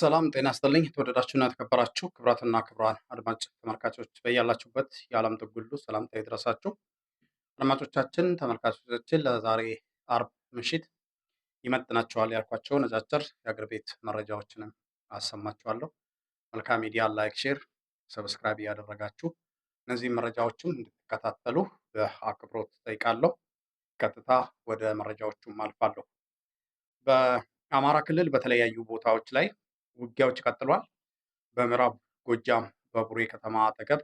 ሰላም ጤና ይስጥልኝ። የተወደዳችሁና የተከበራችሁ ክብራትና ክብራን አድማጭ ተመልካቾች በያላችሁበት የዓለም ጥግ ሁሉ ሰላምታ ይድረሳችሁ። አድማጮቻችን፣ ተመልካቾቻችን ለዛሬ አርብ ምሽት ይመጥናችኋል ያልኳቸው ነጫጭር የአገር ቤት መረጃዎችንም አሰማችኋለሁ። መልካም ሚዲያ ላይክ፣ ሼር፣ ሰብስክራይብ እያደረጋችሁ እነዚህ መረጃዎችም እንድትከታተሉ በአክብሮት ጠይቃለሁ። ቀጥታ ወደ መረጃዎቹም አልፋለሁ። በአማራ ክልል በተለያዩ ቦታዎች ላይ ውጊያዎች ቀጥሏል። በምዕራብ ጎጃም በቡሬ ከተማ አጠገብ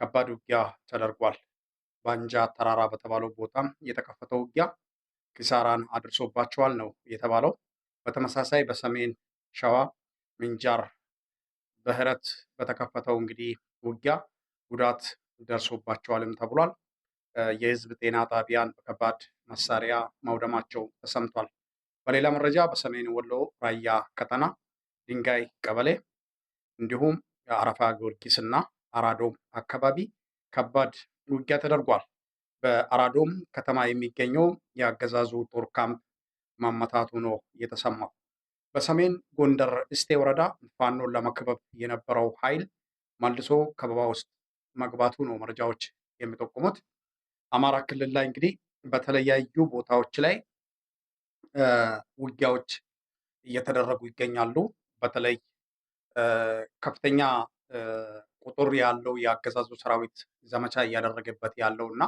ከባድ ውጊያ ተደርጓል። ባንጃ ተራራ በተባለው ቦታም የተከፈተው ውጊያ ኪሳራን አድርሶባቸዋል ነው የተባለው። በተመሳሳይ በሰሜን ሸዋ ምንጃር በህረት በተከፈተው እንግዲህ ውጊያ ጉዳት ደርሶባቸዋልም ተብሏል። የህዝብ ጤና ጣቢያን በከባድ መሳሪያ ማውደማቸው ተሰምቷል። በሌላ መረጃ በሰሜን ወሎ ራያ ቀጠና ድንጋይ ቀበሌ እንዲሁም የአረፋ ጊዮርጊስ እና አራዶም አካባቢ ከባድ ውጊያ ተደርጓል። በአራዶም ከተማ የሚገኘው የአገዛዙ ጦር ካምፕ ማመታቱ ነው የተሰማው። በሰሜን ጎንደር እስቴ ወረዳ ፋኖን ለመክበብ የነበረው ኃይል መልሶ ከበባ ውስጥ መግባቱ ነው መረጃዎች የሚጠቁሙት። አማራ ክልል ላይ እንግዲህ በተለያዩ ቦታዎች ላይ ውጊያዎች እየተደረጉ ይገኛሉ። በተለይ ከፍተኛ ቁጥር ያለው የአገዛዙ ሰራዊት ዘመቻ እያደረገበት ያለው እና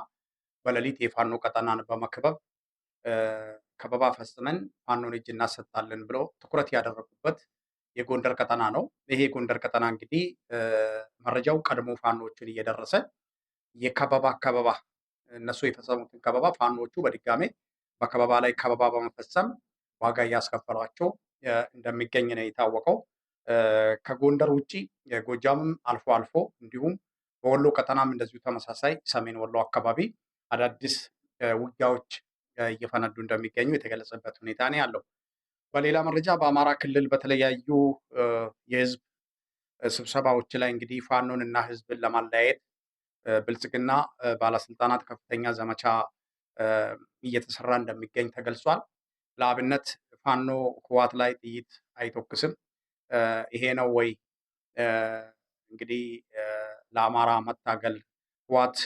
በሌሊት የፋኖ ቀጠናን በመክበብ ከበባ ፈጽመን ፋኖን እጅ እናሰጣለን ብሎ ትኩረት ያደረጉበት የጎንደር ቀጠና ነው። ይሄ የጎንደር ቀጠና እንግዲህ መረጃው ቀድሞ ፋኖዎችን እየደረሰ የከበባ ከበባ እነሱ የፈጸሙትን ከበባ ፋኖዎቹ በድጋሜ በከበባ ላይ ከበባ በመፈጸም ዋጋ እያስከፈሏቸው እንደሚገኝ ነው የታወቀው። ከጎንደር ውጭ ጎጃምም አልፎ አልፎ እንዲሁም በወሎ ቀጠናም እንደዚሁ ተመሳሳይ ሰሜን ወሎ አካባቢ አዳዲስ ውጊያዎች እየፈነዱ እንደሚገኙ የተገለጸበት ሁኔታ ነው ያለው። በሌላ መረጃ በአማራ ክልል በተለያዩ የህዝብ ስብሰባዎች ላይ እንግዲህ ፋኖን እና ህዝብን ለማለያየት ብልጽግና ባለስልጣናት ከፍተኛ ዘመቻ እየተሰራ እንደሚገኝ ተገልጿል። ለአብነት ፋኖ ህዋት ላይ ጥይት አይተኩስም። ይሄ ነው ወይ እንግዲህ ለአማራ መታገል? ህዋት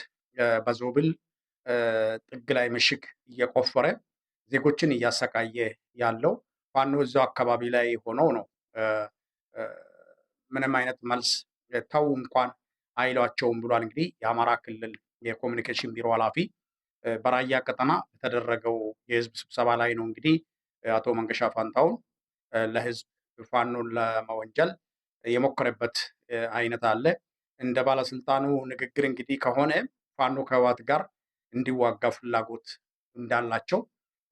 በዞብል ጥግ ላይ ምሽግ እየቆፈረ ዜጎችን እያሰቃየ ያለው ፋኖ እዛው አካባቢ ላይ ሆኖ ነው። ምንም አይነት መልስ ተው እንኳን አይሏቸውም ብሏል። እንግዲህ የአማራ ክልል የኮሚኒኬሽን ቢሮ ኃላፊ በራያ ቀጠና በተደረገው የህዝብ ስብሰባ ላይ ነው እንግዲህ አቶ መንገሻ ፋንታውን ለህዝብ ፋኖን ለመወንጀል የሞከረበት አይነት አለ። እንደ ባለስልጣኑ ንግግር እንግዲህ ከሆነ ፋኖ ከህወሓት ጋር እንዲዋጋ ፍላጎት እንዳላቸው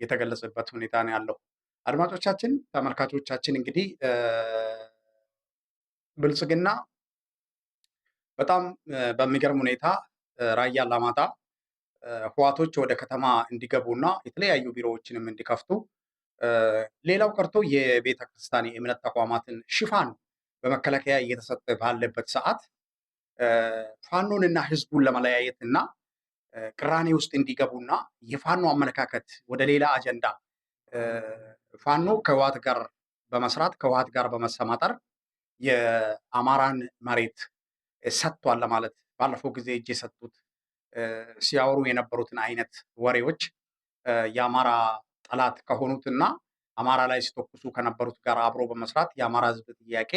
የተገለጸበት ሁኔታ ነው ያለው። አድማጮቻችን፣ ተመልካቾቻችን እንግዲህ ብልጽግና በጣም በሚገርም ሁኔታ ራያ አላማጣ ህዋቶች ወደ ከተማ እንዲገቡና የተለያዩ ቢሮዎችንም እንዲከፍቱ ሌላው ቀርቶ የቤተ ክርስቲያን የእምነት ተቋማትን ሽፋን በመከላከያ እየተሰጠ ባለበት ሰዓት ፋኖንና ህዝቡን ለመለያየት እና ቅራኔ ውስጥ እንዲገቡና የፋኖ አመለካከት ወደ ሌላ አጀንዳ ፋኖ ከህወሓት ጋር በመስራት ከህወሓት ጋር በመሰማጠር የአማራን መሬት ሰጥቷል ለማለት ባለፈው ጊዜ እጅ የሰጡት ሲያወሩ የነበሩትን አይነት ወሬዎች የአማራ ጠላት ከሆኑትና አማራ ላይ ሲተኩሱ ከነበሩት ጋር አብሮ በመስራት የአማራ ህዝብ ጥያቄ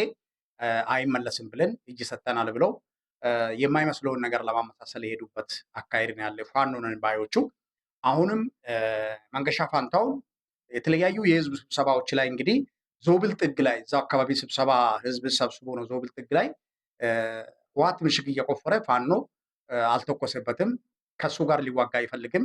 አይመለስም ብለን እጅ ሰጠናል ብለው የማይመስለውን ነገር ለማመሳሰል የሄዱበት አካሄድ ነው ያለ ፋኖ ነን ባዮቹ። አሁንም መንገሻ ፋንታውን የተለያዩ የህዝብ ስብሰባዎች ላይ እንግዲህ ዞብል ጥግ ላይ እዛ አካባቢ ስብሰባ ህዝብ ሰብስቦ ነው ዞብል ጥግ ላይ ህወሓት ምሽግ እየቆፈረ ፋኖ አልተኮሰበትም፣ ከእሱ ጋር ሊዋጋ አይፈልግም፣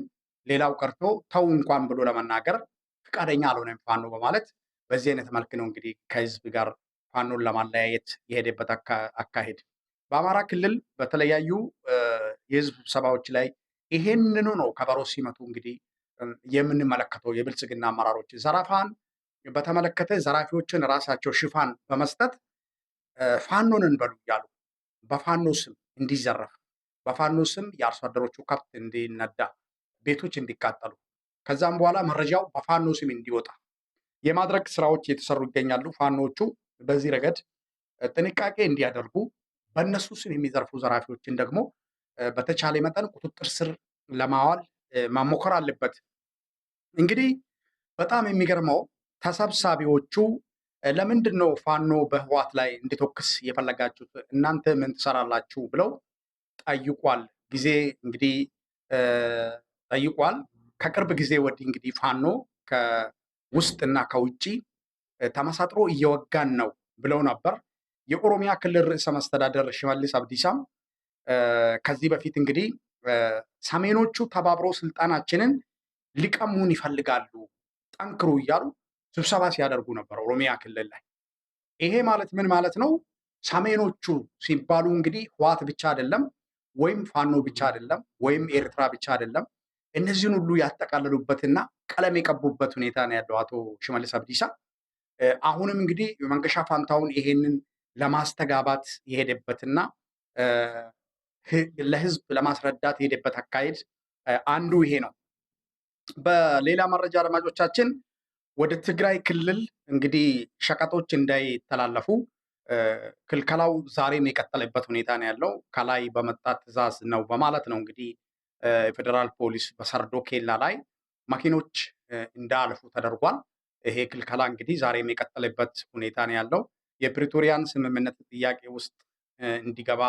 ሌላው ቀርቶ ተው እንኳን ብሎ ለመናገር ፈቃደኛ አልሆነም ፋኖ በማለት በዚህ አይነት መልክ ነው እንግዲህ ከህዝብ ጋር ፋኖን ለማለያየት የሄደበት አካሄድ። በአማራ ክልል በተለያዩ የህዝብ ስብሰባዎች ላይ ይሄንኑ ነው ከበሮ ሲመቱ እንግዲህ የምንመለከተው የብልጽግና አመራሮች ዘረፋን በተመለከተ ዘራፊዎችን ራሳቸው ሽፋን በመስጠት ፋኖን እንበሉ እያሉ በፋኖ ስም እንዲዘረፍ በፋኖ ስም የአርሶ አደሮቹ ከብት እንዲነዳ ቤቶች እንዲቃጠሉ ከዛም በኋላ መረጃው በፋኖ ስም እንዲወጣ የማድረግ ስራዎች የተሰሩ ይገኛሉ። ፋኖቹ በዚህ ረገድ ጥንቃቄ እንዲያደርጉ፣ በእነሱ ስም የሚዘርፉ ዘራፊዎችን ደግሞ በተቻለ መጠን ቁጥጥር ስር ለማዋል መሞከር አለበት። እንግዲህ በጣም የሚገርመው ተሰብሳቢዎቹ ለምንድን ነው ፋኖ በህዋት ላይ እንዲተኩስ የፈለጋችሁት? እናንተ ምን ትሰራላችሁ? ብለው ጠይቋል። ጊዜ እንግዲህ ጠይቋል። ከቅርብ ጊዜ ወዲህ እንግዲህ ፋኖ ከውስጥና ከውጭ ተመሳጥሮ እየወጋን ነው ብለው ነበር። የኦሮሚያ ክልል ርዕሰ መስተዳደር ሽመልስ አብዲሳም ከዚህ በፊት እንግዲህ ሰሜኖቹ ተባብሮ ስልጣናችንን ሊቀሙን ይፈልጋሉ፣ ጠንክሩ እያሉ ስብሰባ ሲያደርጉ ነበር ኦሮሚያ ክልል ላይ። ይሄ ማለት ምን ማለት ነው? ሰሜኖቹ ሲባሉ እንግዲህ ህዋት ብቻ አይደለም፣ ወይም ፋኖ ብቻ አይደለም፣ ወይም ኤርትራ ብቻ አይደለም እነዚህን ሁሉ ያጠቃለሉበትና ቀለም የቀቡበት ሁኔታ ነው ያለው አቶ ሽመልስ አብዲሳ። አሁንም እንግዲህ መንገሻ ፋንታውን ይሄንን ለማስተጋባት የሄደበትና ለህዝብ ለማስረዳት የሄደበት አካሄድ አንዱ ይሄ ነው። በሌላ መረጃ አድማጮቻችን፣ ወደ ትግራይ ክልል እንግዲህ ሸቀጦች እንዳይተላለፉ ክልከላው ዛሬም የቀጠለበት ሁኔታ ነው ያለው። ከላይ በመጣ ትዕዛዝ ነው በማለት ነው እንግዲህ የፌዴራል ፖሊስ በሰርዶ ኬላ ላይ መኪኖች እንዳያልፉ ተደርጓል። ይሄ ክልከላ እንግዲህ ዛሬም የቀጠለበት ሁኔታ ነው ያለው። የፕሪቶሪያን ስምምነት ጥያቄ ውስጥ እንዲገባ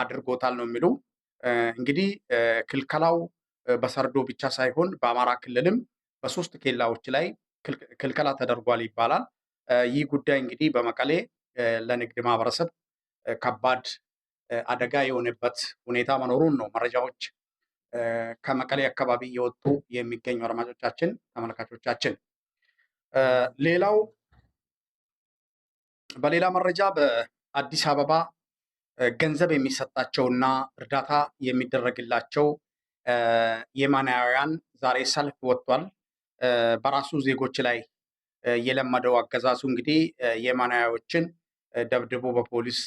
አድርጎታል ነው የሚሉ እንግዲህ ክልከላው በሰርዶ ብቻ ሳይሆን በአማራ ክልልም በሶስት ኬላዎች ላይ ክልከላ ተደርጓል ይባላል። ይህ ጉዳይ እንግዲህ በመቀሌ ለንግድ ማህበረሰብ ከባድ አደጋ የሆነበት ሁኔታ መኖሩን ነው መረጃዎች ከመቀሌ አካባቢ እየወጡ የሚገኙ አድማጮቻችን፣ ተመልካቾቻችን ሌላው በሌላ መረጃ በአዲስ አበባ ገንዘብ የሚሰጣቸውና እርዳታ የሚደረግላቸው የማናውያን ዛሬ ሰልፍ ወጥቷል። በራሱ ዜጎች ላይ የለመደው አገዛዙ እንግዲህ የማናያዎችን ደብድቦ በፖሊስ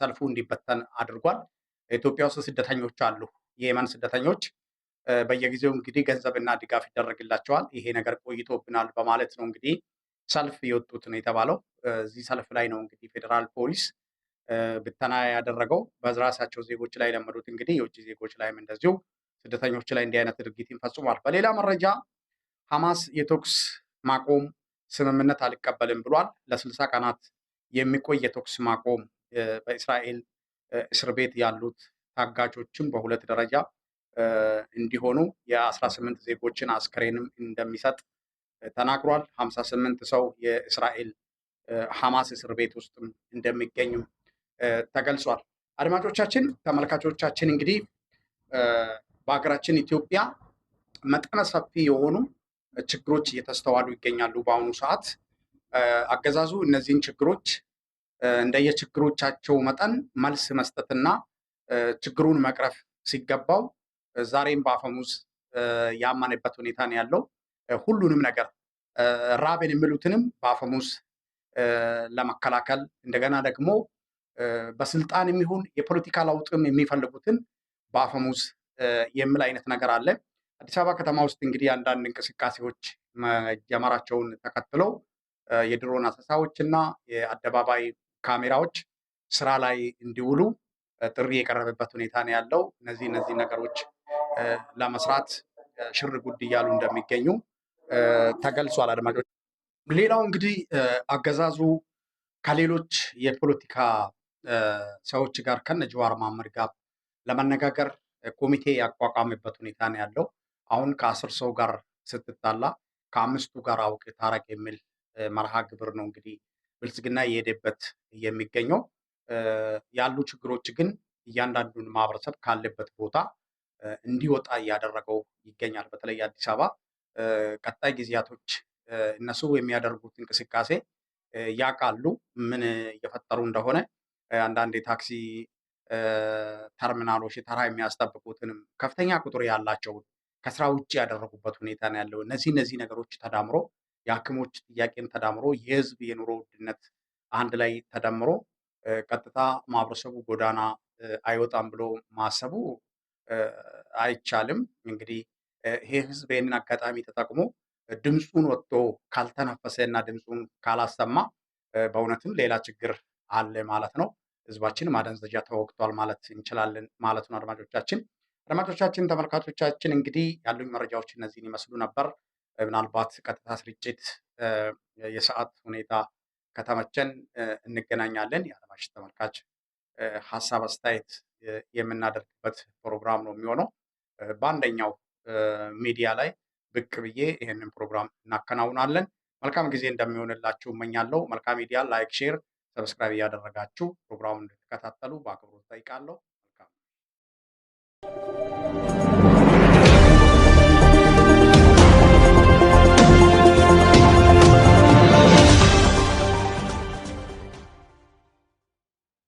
ሰልፉ እንዲበተን አድርጓል። ኢትዮጵያ ውስጥ ስደተኞች አሉ። የየመን ስደተኞች በየጊዜው እንግዲህ ገንዘብና ድጋፍ ይደረግላቸዋል። ይሄ ነገር ቆይቶብናል በማለት ነው እንግዲህ ሰልፍ የወጡት ነው የተባለው። እዚህ ሰልፍ ላይ ነው እንግዲህ ፌዴራል ፖሊስ ብተና ያደረገው በራሳቸው ዜጎች ላይ ለመዱት እንግዲህ የውጭ ዜጎች ላይም እንደዚሁ ስደተኞች ላይ እንዲህ አይነት ድርጊትን ፈጽሟል። በሌላ መረጃ ሐማስ የተኩስ ማቆም ስምምነት አልቀበልም ብሏል። ለስልሳ ቀናት የሚቆይ የተኩስ ማቆም በእስራኤል እስር ቤት ያሉት ታጋቾችም በሁለት ደረጃ እንዲሆኑ የ18 ዜጎችን አስክሬንም እንደሚሰጥ ተናግሯል። 58 ሰው የእስራኤል ሐማስ እስር ቤት ውስጥም እንደሚገኙ ተገልጿል። አድማጮቻችን፣ ተመልካቾቻችን እንግዲህ በሀገራችን ኢትዮጵያ መጠነ ሰፊ የሆኑ ችግሮች እየተስተዋሉ ይገኛሉ። በአሁኑ ሰዓት አገዛዙ እነዚህን ችግሮች እንደየችግሮቻቸው መጠን መልስ መስጠትና ችግሩን መቅረፍ ሲገባው ዛሬም በአፈሙዝ ያማንበት ሁኔታ ነው ያለው። ሁሉንም ነገር ራብን የሚሉትንም በአፈሙዝ ለመከላከል እንደገና ደግሞ በስልጣን የሚሆን የፖለቲካ ለውጥም የሚፈልጉትን በአፈሙዝ የሚል አይነት ነገር አለ። አዲስ አበባ ከተማ ውስጥ እንግዲህ አንዳንድ እንቅስቃሴዎች መጀመራቸውን ተከትሎ የድሮን አሰሳዎች እና የአደባባይ ካሜራዎች ስራ ላይ እንዲውሉ ጥሪ የቀረበበት ሁኔታ ነው ያለው። እነዚህ እነዚህ ነገሮች ለመስራት ሽር ጉድ እያሉ እንደሚገኙ ተገልጿል። አድማጮች፣ ሌላው እንግዲህ አገዛዙ ከሌሎች የፖለቲካ ሰዎች ጋር ከነ ጀዋር መሐመድ ጋር ለመነጋገር ኮሚቴ ያቋቋመበት ሁኔታ ነው ያለው። አሁን ከአስር ሰው ጋር ስትጣላ ከአምስቱ ጋር አውቅ ታረቅ የሚል መርሃ ግብር ነው እንግዲህ ብልጽግና የሄደበት የሚገኘው። ያሉ ችግሮች ግን እያንዳንዱን ማህበረሰብ ካለበት ቦታ እንዲወጣ እያደረገው ይገኛል። በተለይ አዲስ አበባ ቀጣይ ጊዜያቶች እነሱ የሚያደርጉት እንቅስቃሴ ያውቃሉ፣ ምን እየፈጠሩ እንደሆነ አንዳንድ የታክሲ ተርሚናሎች ተራ የሚያስጠብቁትንም ከፍተኛ ቁጥር ያላቸውን ከስራ ውጭ ያደረጉበት ሁኔታ ነው ያለው። እነዚህ እነዚህ ነገሮች ተዳምሮ የሐኪሞች ጥያቄም ተዳምሮ የህዝብ የኑሮ ውድነት አንድ ላይ ተደምሮ ቀጥታ ማህበረሰቡ ጎዳና አይወጣም ብሎ ማሰቡ አይቻልም። እንግዲህ ይህ ህዝብ ይህንን አጋጣሚ ተጠቅሞ ድምፁን ወጥቶ ካልተነፈሰ እና ድምፁን ካላሰማ በእውነትም ሌላ ችግር አለ ማለት ነው። ህዝባችን ማደንዘጃ ተወግቷል ማለት እንችላለን ማለት ነው። አድማጮቻችን አድማጮቻችን ተመልካቾቻችን እንግዲህ ያሉኝ መረጃዎች እነዚህን ይመስሉ ነበር። ምናልባት ቀጥታ ስርጭት የሰዓት ሁኔታ ከተመቸን እንገናኛለን። የአለማሽ ተመልካች ሀሳብ አስተያየት የምናደርግበት ፕሮግራም ነው የሚሆነው። በአንደኛው ሚዲያ ላይ ብቅ ብዬ ይህንን ፕሮግራም እናከናውናለን። መልካም ጊዜ እንደሚሆንላችሁ እመኛለሁ። መልካም ሚዲያ ላይክ፣ ሼር፣ ሰብስክራይብ እያደረጋችሁ ፕሮግራሙን እንድትከታተሉ በአክብሮት ጠይቃለሁ። መልካም